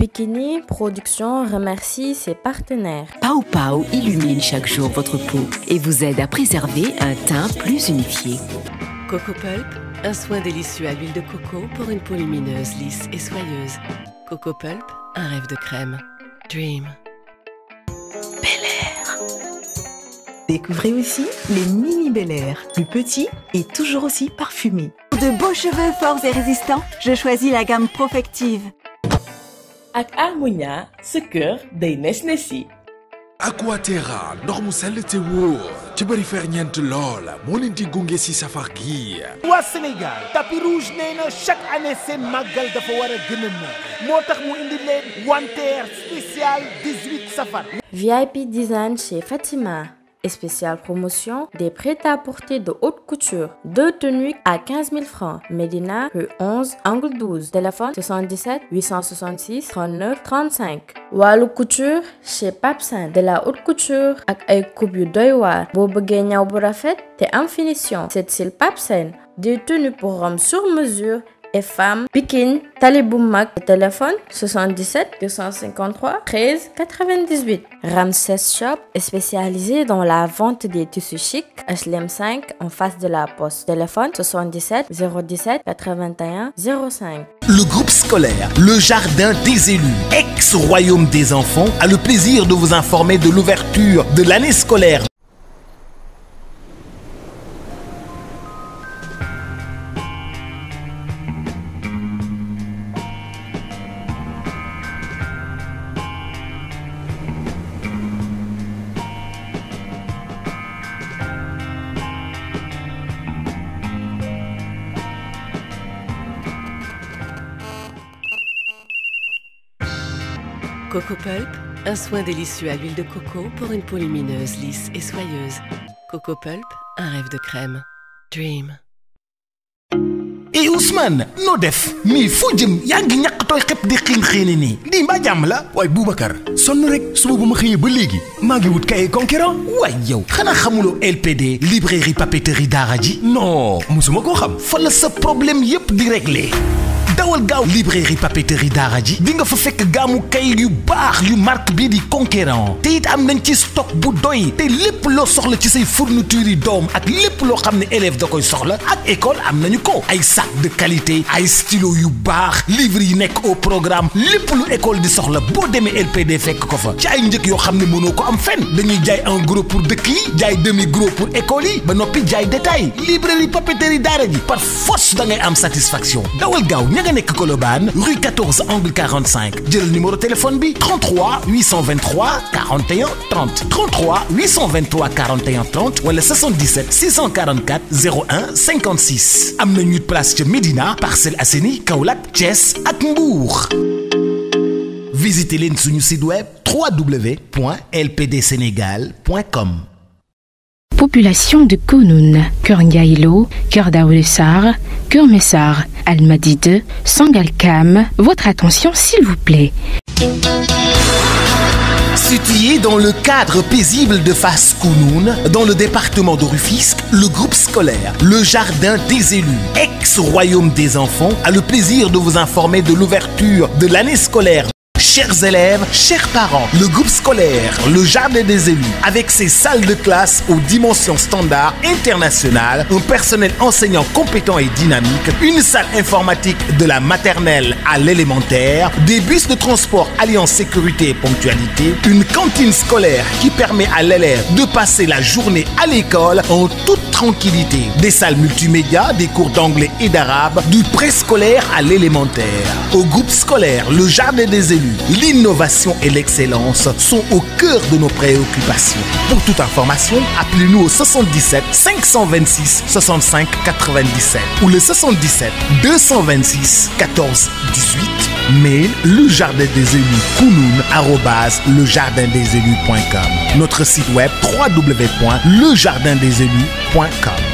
Bikini Production remercie ses partenaires. Pau Pau illumine chaque jour votre peau et vous aide à préserver un teint plus unifié. Coco Pulp, un soin délicieux à l'huile de coco pour une peau lumineuse, lisse et soyeuse. Coco Pulp, un rêve de crème. Dream. Bel Air. Découvrez aussi les mini Bel Air, plus petits et toujours aussi parfumés. Pour de beaux cheveux forts et résistants, je choisis la gamme Profective. ak Harmonia sa kër day nes nesi Aquaterra ndox mu sell te wóor ci bëri ferñeent lool moo leen di gunge si safar gi waa Sénégal tapis rouge nee na chaque année seen màggal dafa war a gën a moo tax mu indi leen wanteer spécial safar VIP design chez Fatima et spéciale promotion des prêt-à-porter de haute couture. Deux tenues à 15 000 francs. Medina, rue 11, angle 12. Téléphone 77 866 39 35. Walou couture chez PAPSEN. de la haute couture avec ay coupe yu doy waar finition. c'est il PAPSEN des tenues pour hommes sur mesure et femmes, Pikin, téléphone 77 253 13 98. Ramses Shop est spécialisé dans la vente des tissus chics HLM5 en face de la poste. Téléphone 77 017 81 05. Le groupe scolaire Le Jardin des élus, ex-royaume des enfants, a le plaisir de vous informer de l'ouverture de l'année scolaire soin délicieux à l'huile de coco pour une peau lumineuse, lisse et soyeuse. Coco Pulp, un rêve de crème. Dream. et eh, Ousmane Nodef, def mi foo yang yaa toy ñaqtooy xep di xiin Boubakar. nii la Boubacar yo? rek conquérant yow LPD librairie papeterie Daraji. non mosuma koo xam fa la problème yep régler dawal gaaw librairie papeterie daraji ji di nga fa fekk gaamu kay yu baax yu marque bii di conquérant te it am nañ ci stock bu doy te lépp loo soxla ci say fourniture yi doom ak lépp loo xam ne élève da koy soxla ak école am nañu ko ay sac de qualité ay stylo yu baax livre yi nekk au programme lépp lu école di soxla boo demee LPD fekk ko fa ci ay njëg yoo xam ne mënoo ko am fenn dañuy jaay un gros pour dëkk yi jaay demi gros pour école yi ba noppi jaay détail librairie papeterie daraji par force da ngay am satisfaction dawal gaaw nga rue 14 angle 45 le numéro téléphone bi 33 823 41 30 33 823 41 30 ou le 77 644 01 56 am place de Médina parcelle Asseni, Chess Chess, Mbour. visitez leen suñu site web www.lpdsenegal.com Population de Kounoun, Kurngailo, Kurdaoulessar, Kurmesar, Almadide, Sangalkam, votre attention s'il vous plaît. Situé dans le cadre paisible de Fas Kounoun, dans le département de le groupe scolaire Le Jardin des élus, ex-royaume des enfants, a le plaisir de vous informer de l'ouverture de l'année scolaire chers élèves, chers parents, le groupe scolaire, le jardin des élus, avec ses salles de classe aux dimensions standards internationales, un personnel enseignant compétent et dynamique, une salle informatique de la maternelle à l'élémentaire, des bus de transport alliant sécurité et ponctualité, une cantine scolaire qui permet à l'élève de passer la journée à l'école en toute tranquillité, des salles multimédia, des cours d'anglais et d'arabe, du préscolaire à l'élémentaire. Au groupe scolaire, le jardin des élus, l'innovation et l'excellence sont au cœur de nos préoccupations. Pour toute information, appelez-nous au 77 526 65 97 ou le 77 226 14 18. Mail le jardin des élus élus.com Notre site web www.lejardindeselus.com.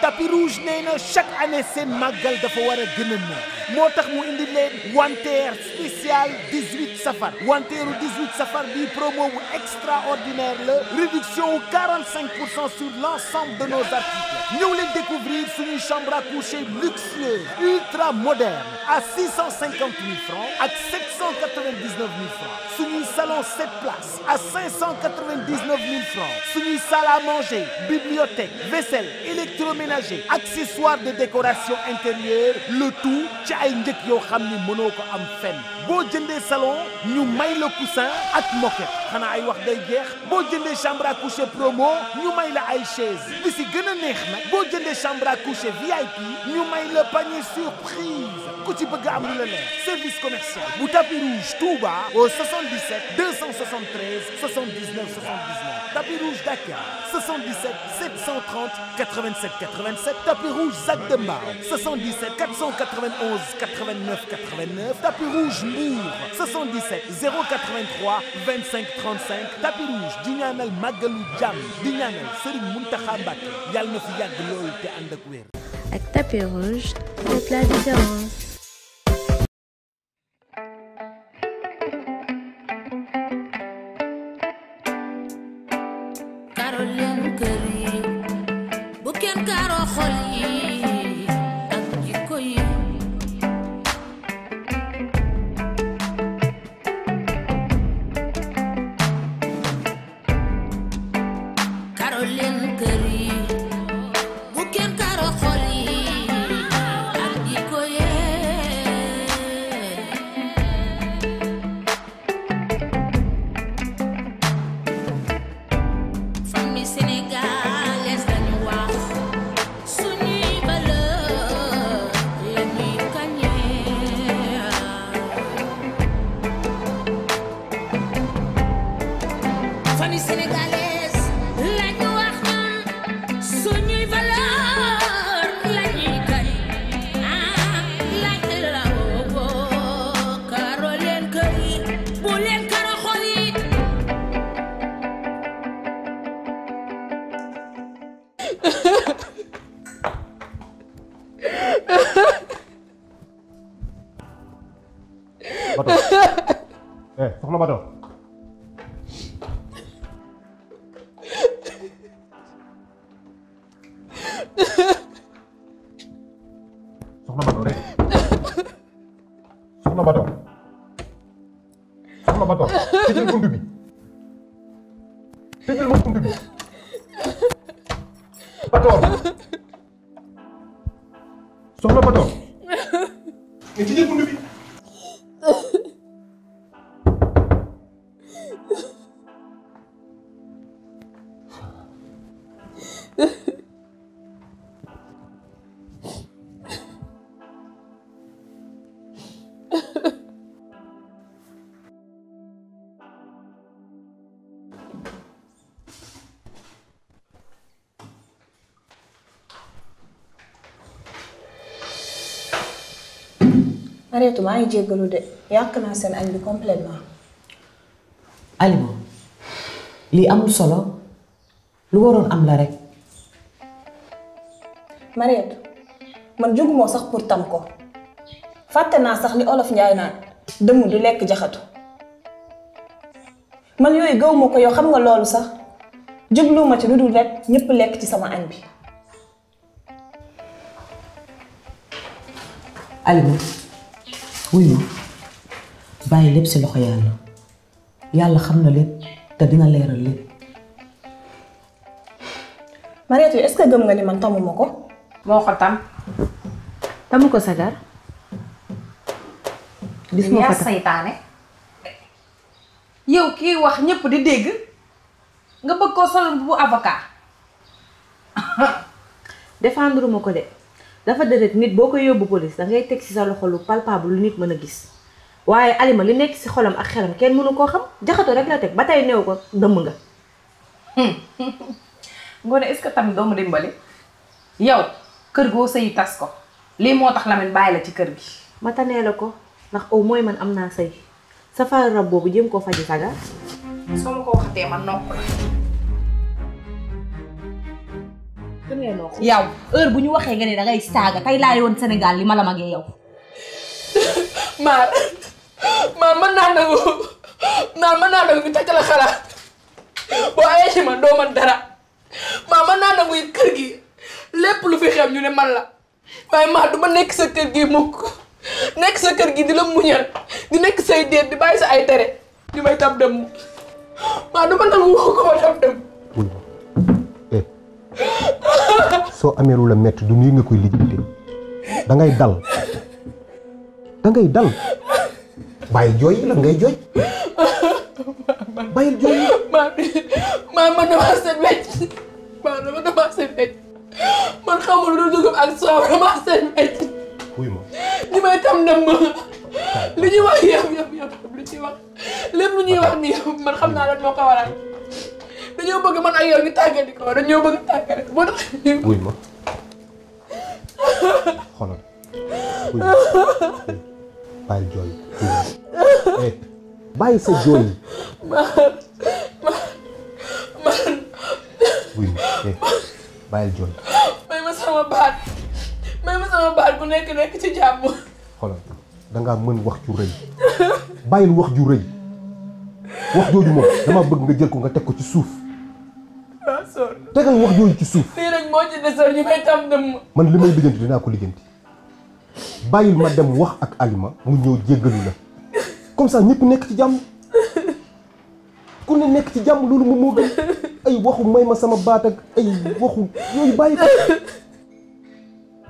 tapis rouge n'est chaque année c'est magal de pouvoir a gën spécial 18 safar 18 safar promo extraordinaire le réduction 45 sur l'ensemble de nos articles Nous les découvrir sur une chambre à coucher luxueuse ultra moderne à 650 000 francs à 799 000 francs suñuy salon 7 places à 599 000 francs. francs salle à manger bibliothèque vaisselle électroménager accessoires de décoration intérieure le tout ci ay njëkk yoo ko am fenn boo jëndee salon ñu may le coussin ak moquette xanaa ay wax day chambre à coucher promo ñu may la chaise bi si gën neex chambre à coucher VIP ñu may le panier surprise ku ci bëgg am service commercial bu tapis rouge Touba au 70 77 273 79 79. Tapis rouge Dakar 77 730 87 87. Tapis rouge Zac 77 491 89 89. Tapis rouge Mour 77 083 25 35. Tapis rouge Dignanel Magalou Jam Dignanel di ñaanal Serigne Mountakha Mbacké yàlla na tapis rouge, faites la différence. Et puis j'ai pour le bide. Mariétou maa ngi jéggalu de yàq naa seen amul solo lu waroon am la rek Mariétou man sax pour tam ko fàtte naa sax li olof njaay naan dëmm du lekk jaxatu man yooyu gaw ko yow xam nga loolu sax jubluwuma ci lu dul rek ñépp lekk ci sama añ bi Alima wuy bàyyi lépp si loxo yàlla yàlla xam na lépp te dina leeral lépp. Mariétou est-ce que gëm nga ni man tamuma ko. moo ko tam. tamu ko sagar. gis mo ko saytane yow kii wax ñépp di dégg nga bëgg koo solon bu avocat. défendre ma ko de. dafa deret nit boko yóbbu police da ngay tek ci sa loxo lu palpable lu nit mën gis waye Alima li nekk ci xolam ak xelam ken mënu ko xam jaxato rek la tek batay new ko dëmm nga. Ngoné est-ce que tamit doomu dimbali yow kër go sey tas ko li motax tax Lamine bàyyi ci kër bi ma tanee la ko ndax au moins man amna naa sëy safaara rab boobu jëm ko faji saga so ma ko waxate man nopp Ya, yaw heure bu ñu waxee nga ne da ngay saaga tey laay woon Sénégal li ma la magee yow. maar maar mën naa nangu maar mën naa nangu ñu takk la xalaat boo ci man doo man dara ma mën na nangu kër gi lu fi ñu la ma ma sa kër gi mukk sa kër di la muñal di nek say di bàyyi sa ay di may tab dem ma du ma nangu ko ma tab dem. soo amee lu la metti du nii nga koy lijjanti da ngay dal da dal bàyyi jooy la ngay jooy. bàyyil jooy yi. maa mi maa man damaa set wecc man damaa set wecc man xamul lu dugub ak soow damaa set wecc. wuy may tam dem ma li ñuy wax yëpp yëpp yëpp li ñuy wax lépp lu man xam naa lan moo ko dañoo bëgg man ak yow ñu tàggati ko dañoo bëgg tàggati ko boo tax. wuy ma xoolal wuy eh, jooy wuy sa jooy. ma eh, bàyyi jooy. may ma sama baat may ma sama baat bu nekk nekk ci jàmm. xoolal da mën wax ju rëy bàyyil wax ju rëy. wax jooju moom dama bëgg nga jël ko nga teg ko ci suuf tegal wax yooyu ci suuf. man li may lijjanti dinaa ko lijjanti bàyyil ma dem wax ak Alima mu ñëw jéggalu la comme sax ñëpp nekk ci jàmm ku ne nekk ci jàmm loolu moom moo ay waxu may ma sama baat ak ay waxu yooyu bàyyi ko.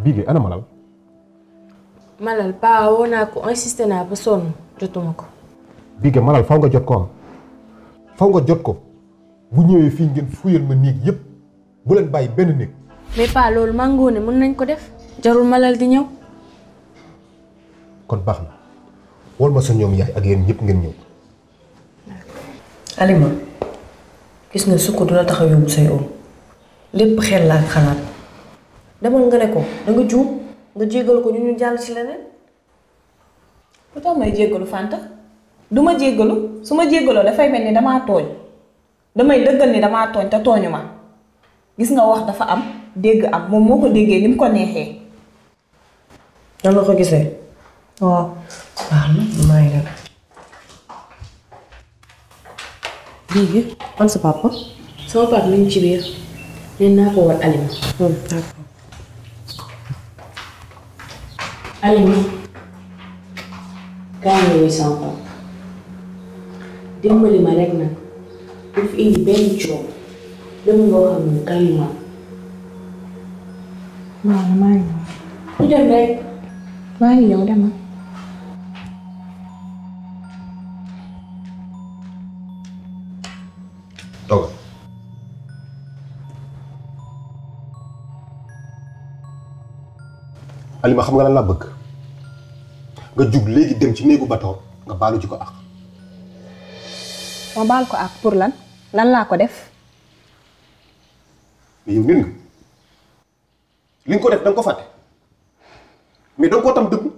Bigué ana Malal. Malal paa naa ko insisté naa ba sonn jotuma ko. Bigué Malal faw nga jot ko faw nga jot ko. bu ñëwee fii ngeen fuyal ma néeg yëpp bu leen bàyyi benn néeg. mais loolu màngoo ne mën nañ ko def jarul malal di ñëw. kon baax na wol ma sa ñoom yaay ak yéen ñëpp ngeen ñëw. Alima gis nga sukk du la tax a yóbbu say oom lépp xel la ak xalaat demal nga ne ko danga nga juum nga jéggal ko ñu ñu jàll ci leneen. lu tax may jéggalu Fanta du ma jéggalu su ma jéggaloo dafay mel ni damaa tooñ. damay dëggal ni damaa tooñ te tooñu ma gis nga wax dafa am dégg am moom moo ko déggee ni mu ko neexee. nan la ko gisee. waaw. Oh. baax na sa papa. papa mi ci biir. nee naa ko war Alima. Hmm, Alima. kaay nga wuyu papa. dimbali ma rek nag. within the bedroom. Don't go and carry ma. Ma, Udah baik. Ma, ya udah ma. Tau gak? Alima xam nga lan laa bëgg nga jug léegi dem ci néegu ak. ma baal ak pour lan la ko def. mi ngi ngi li nga ko def dang ko faté mi dang ko tam dëmm.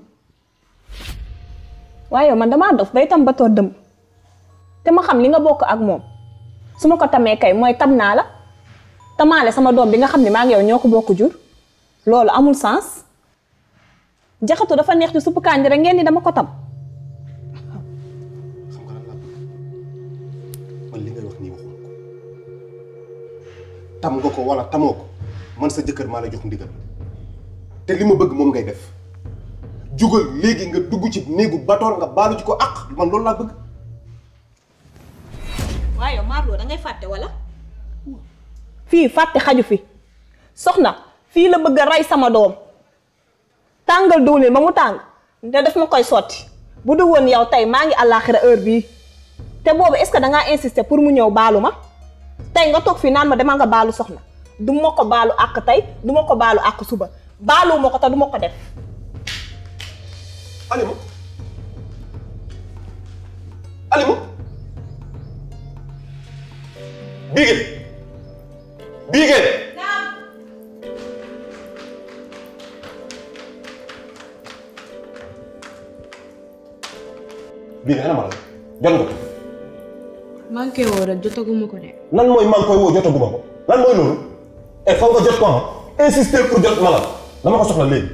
wayo man dama dof bay tam ba to dëmm te ma xam li nga bokk ak mom suma ko tamé kay moy tam na la tamale sama dom bi nga xam ne maa ngi yow ñoko bokk jur lolu amul sens jaxatu dafa neex ci supu kànja rek ngeen ni dama ko tam. man tam nga ko wala tamoo ko man sa jëkkër maa la jox ndigal te li ma bëgg moom ngay def jugal léegi nga dugg ci néegu batool nga baalu ci ko ak man loolu laa bëgg. waaye Marlo da fàtte wala. fii fàtte xaju fi soxna fii la bëgg a rey sama doom tàngal diwlin ba mu tàng te daf ma koy sotti bu du yow tey maa ngi àllaaxira heure bii. te bobu est ce da nga insister pour mu ñew baluma tay nga tok fi nan ma dama nga balu soxna du moko balu ak tay du moko balu ak suba balu moko ta du moko def. Alima Alima bigel Bigué. Bigué ana ma la manqué woo rek jotaguma ko de. lan mooy man koy woo jotaguma ko lan mooy loolu et foog nga jot ko ah insister pour jot ma la dama ko soxla léegi.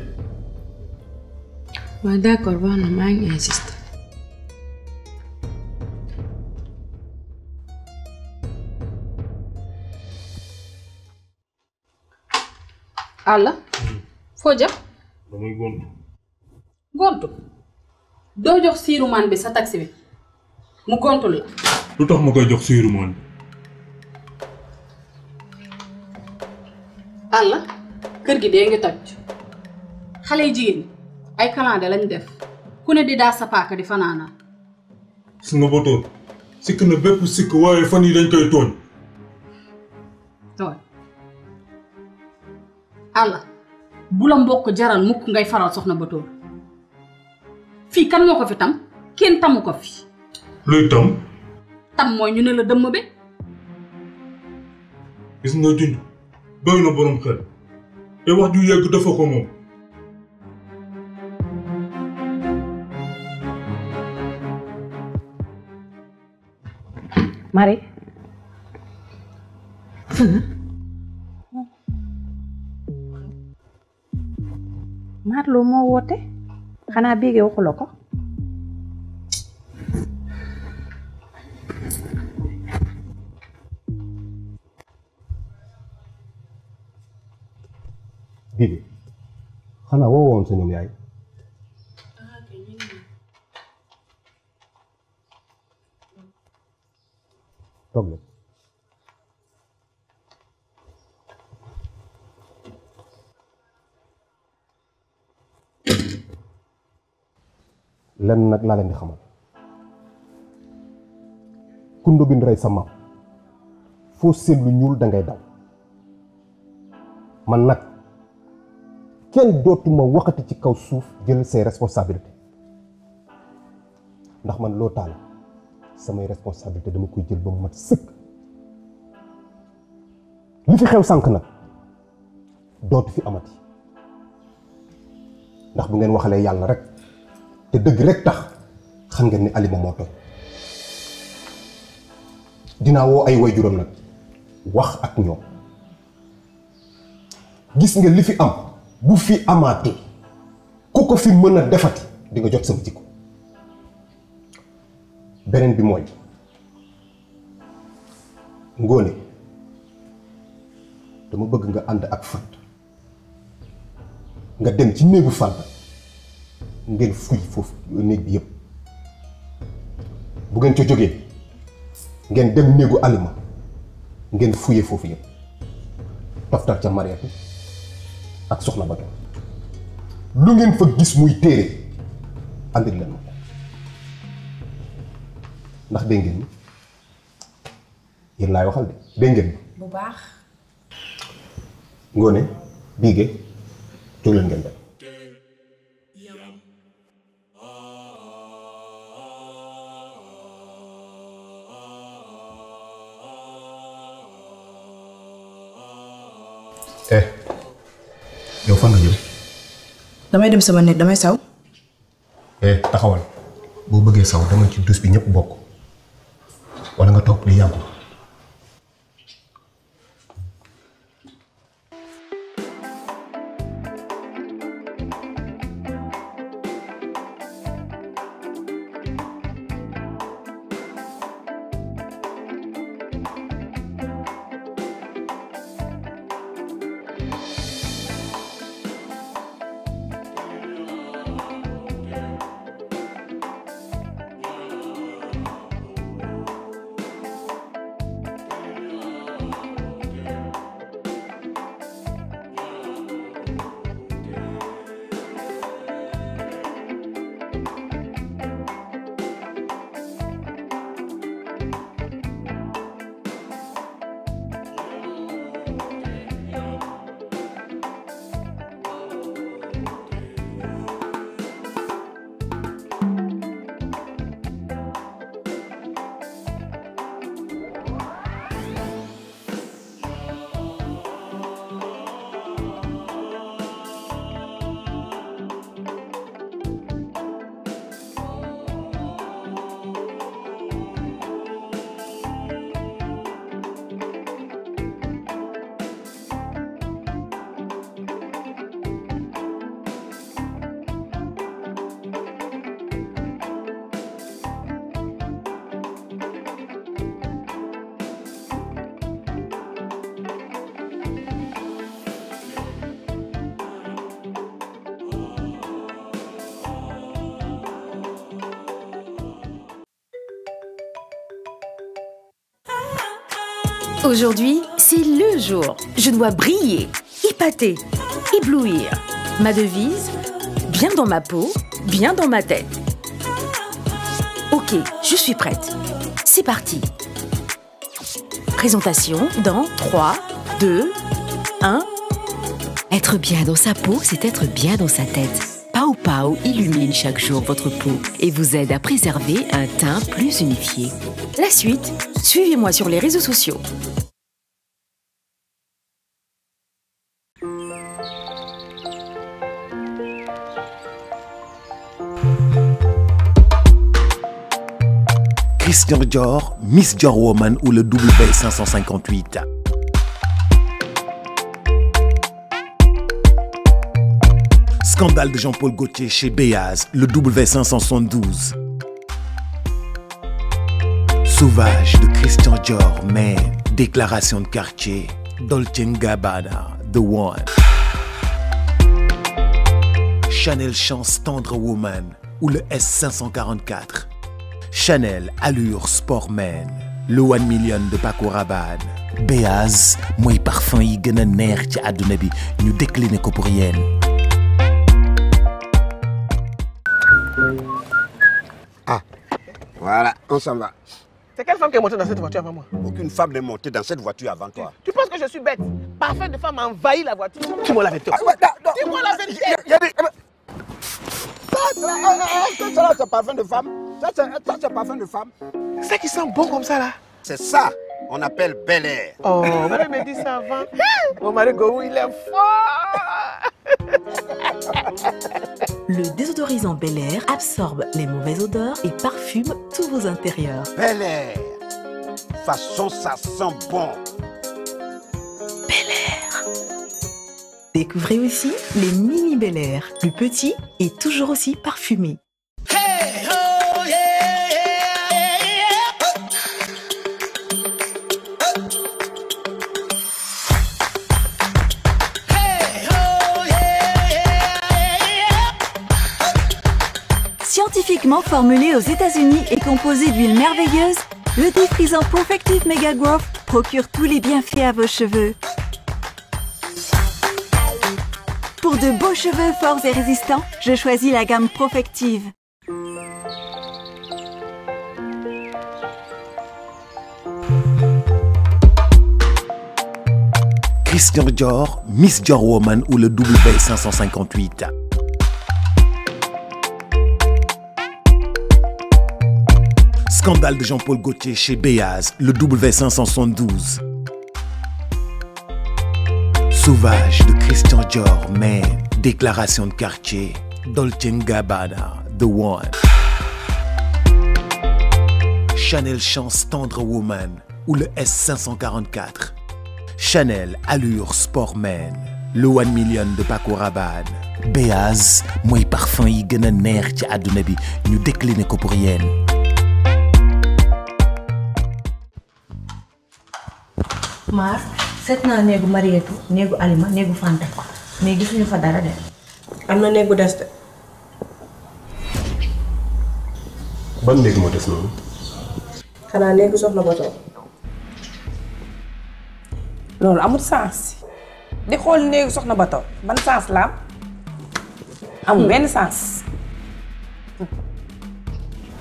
waaw d'accord baax na maa Alla foo non damay gontu. gontu doo jox siiru man bi sa taxi bi mu gontu la. lu mau ma si Allah, Allah, rumaan. yang kër gi jin, ngi toj dalam def di daa sa di fanaanal. su nga si sikk na bépp sikk waaye fan yi dañ koy Tuan. Allah, bulan bok kejaran muk ngai mukk sok nabo tuan. Fi kan mau ko fi tam tamu fi. tam. tam mooy ñu ne la dëmm bi. gis nga junj doy na borom xel te wax ju yegg dafa ko moom. Marie. Marlo moo woote xanaa béegee waxuloo ko. xanaa woo woon sa ñoom yaay. toog na. lenn nag laa leen di xamal. kundo bi rey sa maam foo seetlu ñuul dangay ngay man nag. kenn dootuma waxati ci kaw suuf jël say responsabilité ndax man loo taal samay responsabilité dama koy jël ba mu mat sëkk li fi xew sànq nag dootu fi amati ndax bu ngeen waxalee yàlla rek te dëgg rek tax xam ngeen ni alima moo tooy dinaa woo ay waajuram nag wax ak ñoom gis nga li fi am bu fi amaatee ku ko fi mën a defati di nga jot sama jikko beneen bi mooy ngóone dama bëgg nga ànd ak fat nga dem ci néegu Fanta ngeen fuy foofu néeg bi yëpp bu ngeen ca jógee ngeen dem néegu Alima ngeen fuyee foofu yëpp taftal ca Mariette ak soxla ba Bada lu ngeen fa gis muy téere andil leen ko ndax dégg ngeen yéen laay waxal de dégg ngeen bu baax ngoone biige jóg leen ngeen dem eh yow fan nga jëm. damay dem sama nit damay saw. Eh, taxawal boo bëggee saw dama ci dus bi ñëpp bokk wala nga toog di yàggu. Aujourd'hui, c'est le jour. Je dois briller, épater, éblouir. Ma devise bien dans ma peau, bien dans ma tête. Ok, je suis prête. C'est parti. Présentation dans 3, 2, 1. Être bien dans sa peau, c'est être bien dans sa tête illumine chaque jour votre peau et vous aide à préserver un teint plus unifié. La suite, suivez-moi sur les réseaux sociaux. Christian Dior, Miss Dior Woman ou le W558. Scandale de Jean-Paul Gaultier chez Béaz, le W572. Sauvage de Christian Dior, mais déclaration de quartier, Dolce Gabbana, The One. Chanel Chance Tendre Woman ou le S544. Chanel Allure Sportman, le One Million de Paco Rabanne. Béaz moi parfum yi gën a neex ci pour rien. Voilà, on s'en va. C'est quelle femme qui est montée dans cette voiture avant moi Aucune femme n'est montée dans cette voiture avant toi. Tu, penses que je suis bête Parfait de femme a envahi la voiture. Dis-moi la vérité. Dis-moi la vérité. Ça, c'est parfum de femme. Ça, c'est parfum de femme. Ça qui sent bon comme ça, là. C'est ça. On appelle bel air. Oh, on me dit ça avant. Mon mari Gourou, il est fort. Le désodorisant Bel Air absorbe les mauvaises odeurs et parfume tous vos intérieurs. Bel Air Façon, ça sent bon Bel Air Découvrez aussi les mini Bel Air, plus petits et toujours aussi parfumés. formulé aux États-Unis et composé d'huile merveilleuse, le défrisant Profective Mega Growth procure tous les bienfaits à vos cheveux. Pour de beaux cheveux forts et résistants, je choisis la gamme Profective. Christian Dior, Miss Dior Woman ou le W558. Scandale de Jean-Paul Gauthier chez Béaz, le W572. Sauvage de Christian Dior, mais déclaration de quartier, Dolce Gabbana, The One. Chanel Chance Tendre Woman ou le S544. Chanel Allure Sportman, le One Million de Paco Rabanne. Béaz, moi parfum yi gën a neex ci déclinons pour rien. maar seet naa néegu Marietou néegu Alima néegu Fanta mais gisuñu fa dara de. am na néeg des de. ban néeg moo des noonu. xanaa néegu soxna ba toog. loolu amul sens. di xool néegu soxna ba toog ban sens la am. amul benn sens.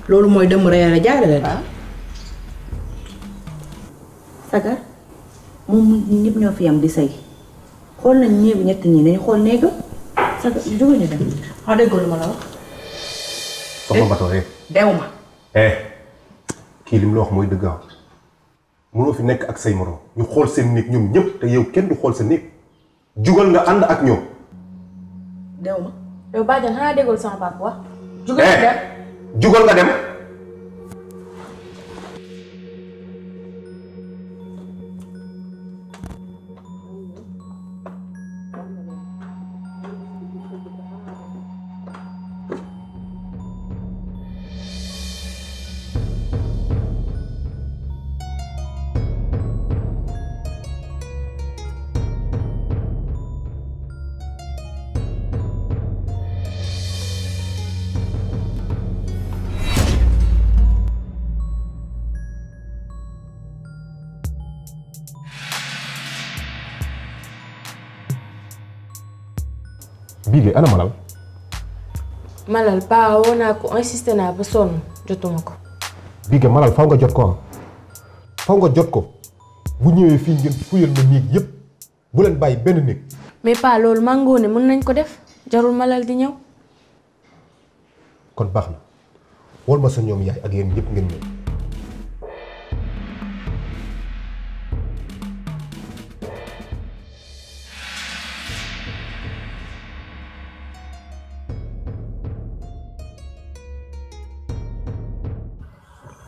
loolu mooy dem reyal a jaarale daal. Ah. sagar. moom ñun ñëpp ñoo fi yam di say xool nañ ñeebi ñett ñi nañu xool néega sa jóge ñu dem wax ah, dëgg lu ma la wax soxna Bato eh, eh. dew ma eh, kii lim mu la wax mooy dëgg ah mënoo fi nekk ak say morom ñu xool seen néeg ñoom ñëpp te yow kenn du xool sa néeg jugal nga ànd ak ñoom dew ma yow bàjjan xanaa déggul sama baat wax jugal eh, nga dem jugal nga dem liggéey ana Malal. Malal paa woo naa ko insisté naa ba sonn jotuma ko. Bigué Malal faw nga jot ko am ah. faw nga jot ko bu ñëwee fii ngeen fuyal ma néeg yëpp bu leen bàyyi benn néeg. mais paa loolu màngoo ne mën nañ ko def jarul Malal di ñëw. kon baax na wol ma sa ñoom yaay ak yéen yëpp ngeen ñëw.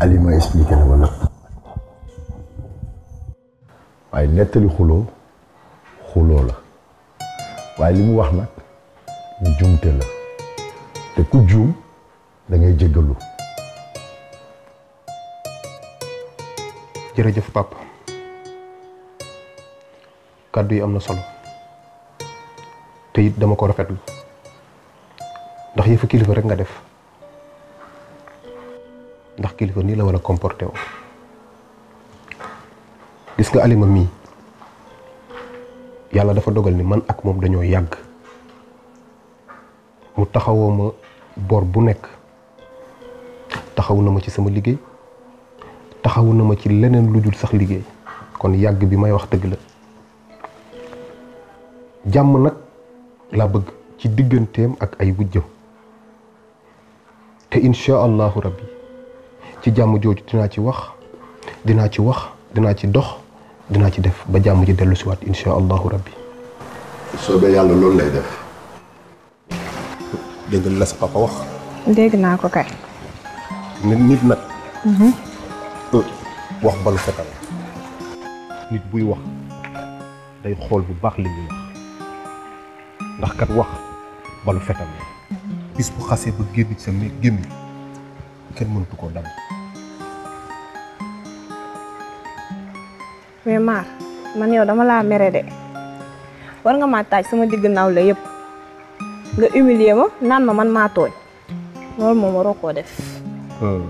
Ali ma expliqué na ma lépp netali nettali xuloo la Way limu wax nak ni njuumte la te ku jum da ngay Jere jërëjëf papa Kaddu yi am solo te yit dama ko rafetlu ndax yefu kilifa rek nga def ndax kilifa ni la wala comporté wu gis nga alima mi yalla dafa dogal ni man ak mom dañoo yag mu taxawoma bor bu nek taxawuna ma ci sama liggey taxawuna ma ci leneen lu sax liggey kon yag bi may wax deug la jam nak la bëgg ci ak ay wujjo te insha allah rabbi ci jàmm jooju dinaa ci wax dinaa ci wax dinaa ci dox dinaa ci def ba jàmm ci dellu si waat insha allahu rabbi soobee yàlla loolu lay def dégg la sa papa wax dégg naa ko kay nit nag mhm. euh, wax balu fetal nit buy wax day xool bu baax li muy wax ndax kat wax balu fetal bis bu xasee ba génn ci sa gémmiñ kenn mëntu koo dam mais man yow dama la méré dé war nga ma taaj sama digg naaw la yépp nga humilier ya, ma nan ma man ma toy lol mom waroo ko def eh,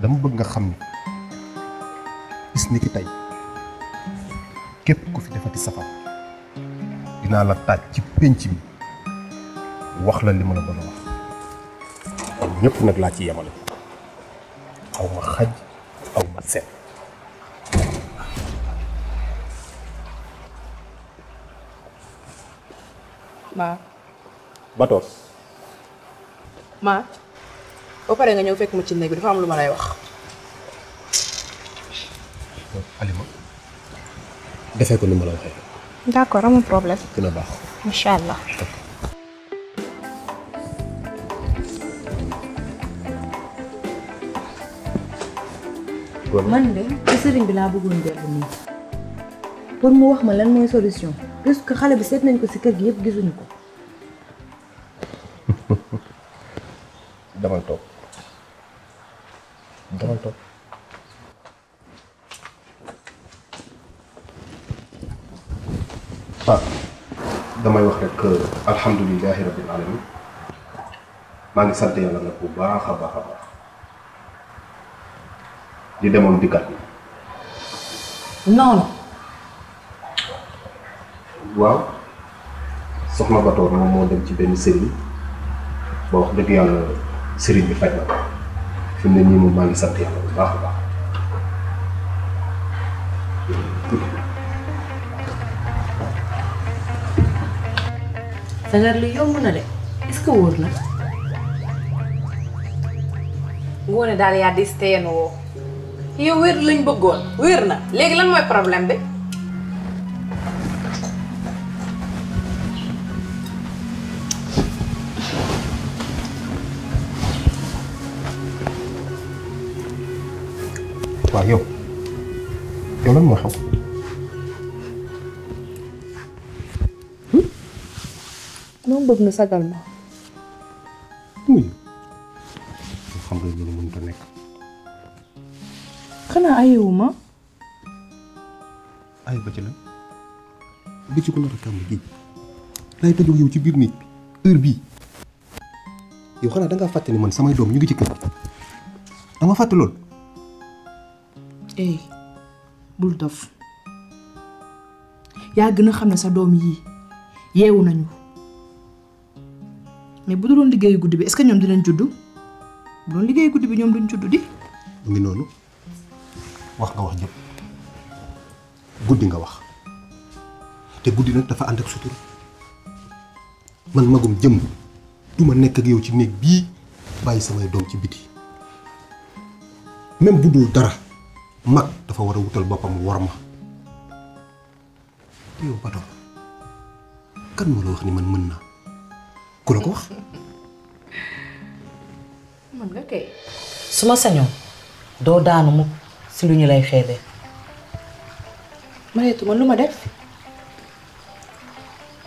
dama bëgg nga xam ni bis ni ki képp ku fi defati safar dina la taaj ci pénc bi wax la li la bëgg wax ñëpp nag laa ci yemale ya, xaw ma xaj xaw ma set ma ba toog ma ba pare nga ñëw fekk ma ci néeg bi dafa am lu ma lay wax alima defee ko ni ma la waxee d'accord amul problème dina baax incha allah man de ci sëriñ bi laa bëggoon dellu nii pour mu wax ma lan mooy solution puisque xale bi seet nañ ko si kër gi yëpp gisuñu ko. damal toog damal toog. ah damay wax rek alhamdulilahi rabbil alamin maa ngi sant yàlla nag bu baax a baax a di demoon dikkat. noonu. waaw soxna Batoor moom moo dem ci benn sëriñ ba wax dëgg yàlla sëriñ bi faj na ko fi ne nii moom maa sant yàlla bu baax a baax. sagar li yomb na de est wóor na. ngoone daal yaa des yow wér lañ bëggoon wér na léegi lan mooy problème bi waaw yow yow lan moo xew hmm? moom bëgg na sagal ma ayewuma ay ba ci lan ba ci ko nar a kàmm géej lay yow ci biir néeg bi heure bii yow xanaa da ngaa fàtte ne man samay doom ñu ngi ci kër dama fàtte lool. eh bul dof yaa gën a xam ne sa doom yii yeewu nañu mais bu du doon liggéeyu guddi bi est-ce que ñoom dinañ juddu bu doon liggéeyu guddi bi ñoom duñ juddu di. mu ngi noonu. wax nga wax jëpp guddi nga wax te guddi nag dafa ànd ak sutur man magum jëm duma nekk ak yow ci néeg bii bàyyi samay doom ci biti même bu dara mag dafa war wutal boppam war ma yow kan moo la wax ni man mën naa ku la ko wax man nga kay suma daanu mu si lu ñu lay xeebee. Mareetu man lu ma def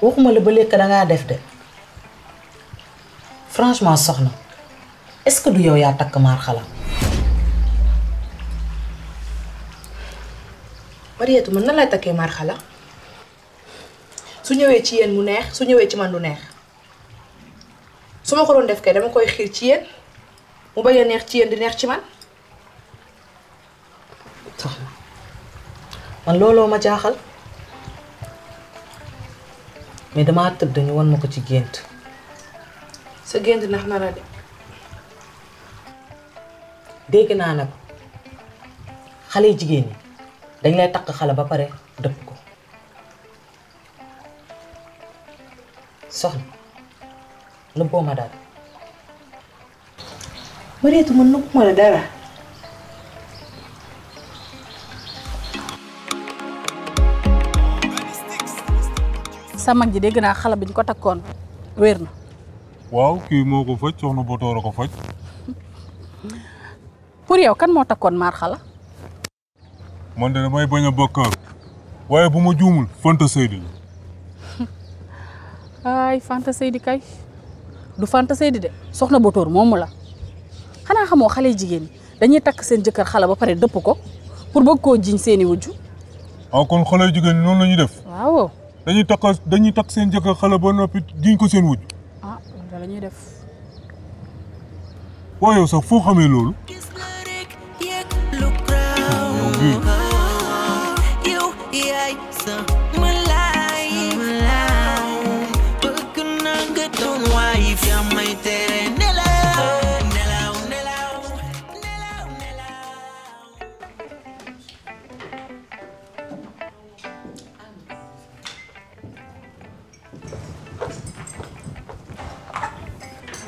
waxuma la ba lekk dangaa def de franchement soxna est-ce que du yow yaa takk maar xalaat. Mareetu man nan lay takkee maar su ñëwee ci yéen mu neex su ñëwee ci man du neex su ma ko doon def kay dama koy xiir ci yéen mu bañ neex ci yéen di neex ci man. man lolo ma jaxal mais dama tëdd dañu won mako ci gënt sa gënt nak na la de dégg naa nag xale jigéen dañ lay tak xala ba pare depp ko soxna nëbboo ma dara mareetu man ko mala dara sa mag ji degna xala biñ ko takkon werna waw ki moko moo ko faj soxna ko faj pour yow kan mo takkon mar xala man de may baña bokk waye buma joomul fanta seydi ay fanta seydi kay du fanta seydi de soxna botoor moomu la xanaa xamoo xale jigen dañuy tak seen jëkkër xala ba paré depp ko pour bëgg ko jiñ seeni wujju ah kon xale jigen non noonu def waaw dañuy takk dañuy takk seen jëkkër xale ba noppi duñ ko seen wujj. ah def. waaw yow sax foo xamee loolu.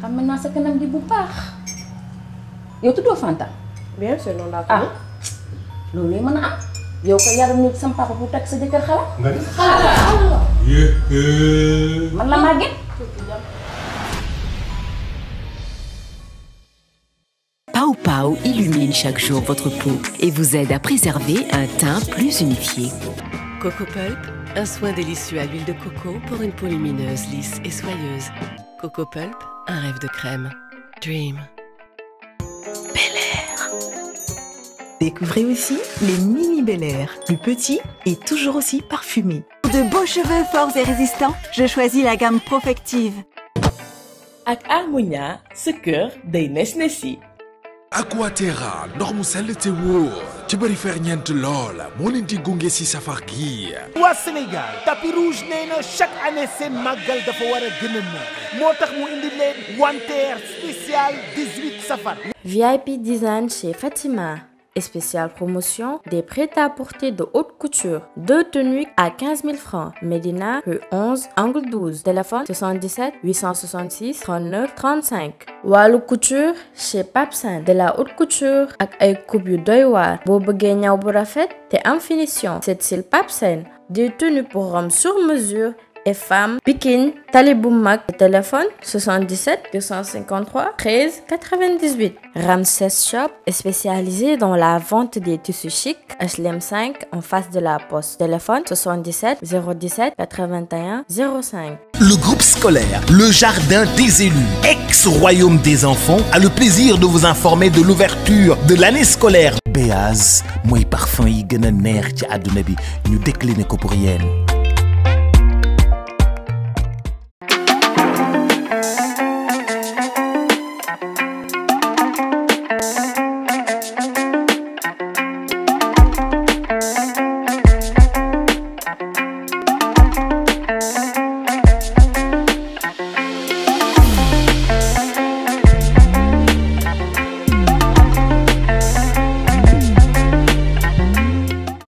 Je xam naa sa kanam gi bu baax yow tuddoo Fanta. bien sûr noonu laa ko ah loolu lay mën a am ah? yow ko Tu ni sama papa bu teg sa jëkkër xala. nga ni xala. man la màgget. Pau Pau illumine chaque jour votre peau et vous aide à préserver un teint plus unifié. Coco Pulp, un soin délicieux à l'huile de coco pour une peau lumineuse, lisse et soyeuse. Coco Pulp, un rêve de crème. Dream. Bel Air. Découvrez aussi les mini Bel Air, plus petits et toujours aussi parfumés. Pour de beaux cheveux forts et résistants, je choisis la gamme Profective. Avec Harmonia, ce cœur des Nesnesi. ak Aquaterra ndox mu sell te wóor ci bëri ferñeent lool moo leen di gunge si safar gi waa Sénégal tapis rouge nee na chaque année seen màggal dafa war a gën moo tax mu indi leen wanteer spécial safar VIP design chez Fatima et spéciale promotion des prêt-à-porter de haute couture. Deux tenues à 15 000 francs. Medina, rue 11, angle 12. Téléphone 77 866 39 35. Walou couture chez PAPSEN. de la haute couture avec ay coupe d'oeil doy Pour en finition. c'est il PAPSEN des tenues pour hommes sur mesure et femmes, Pikin, Taliboumak, téléphone 77 253 13 98. Ramses Shop est spécialisé dans la vente des tissus chics HLM5 en face de la poste. Téléphone 77 017 81 05. Le groupe scolaire Le Jardin des élus, ex-royaume des enfants, a le plaisir de vous informer de l'ouverture de l'année scolaire. Béaz, moi parfum il y a pour